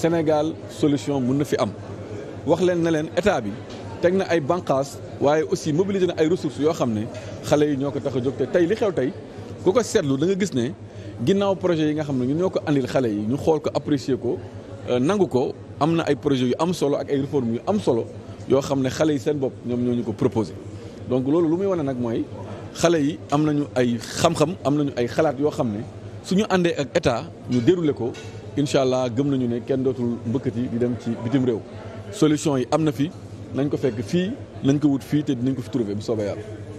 Sénégal solution mun na fi am wax leen na leen état bi teg na ay bànqaas waaye aussi mobiliser na ay ressources yoo xam ne xale yi ñoo ko tax a jóg te tey li xew tey ku ko seetlu da gis ne ginnaaw projet yi nga xam ne ñun ñoo ko andil xale yi ñu xool ko apprécier ko euh, nangu ko am na ay projet yu am solo ak ay réformes yu am solo yoo xam ne xale yi seen bopp ñoom ñoo ñu ko proposé donc loolu lu muy wane nag mooy xale yi am na ñu ay xam-xam am nañu ay xalaat yoo xam ne. su ñu àndee ak état ñu déroulé ko incha allah gëm nañu ne kenn dootul mbëkkati di dem ci bitim réew solution yi am na fi nañ ko fekk fii nañ ko wut fii te dinañ ko fi trouvé bu soobee yàlla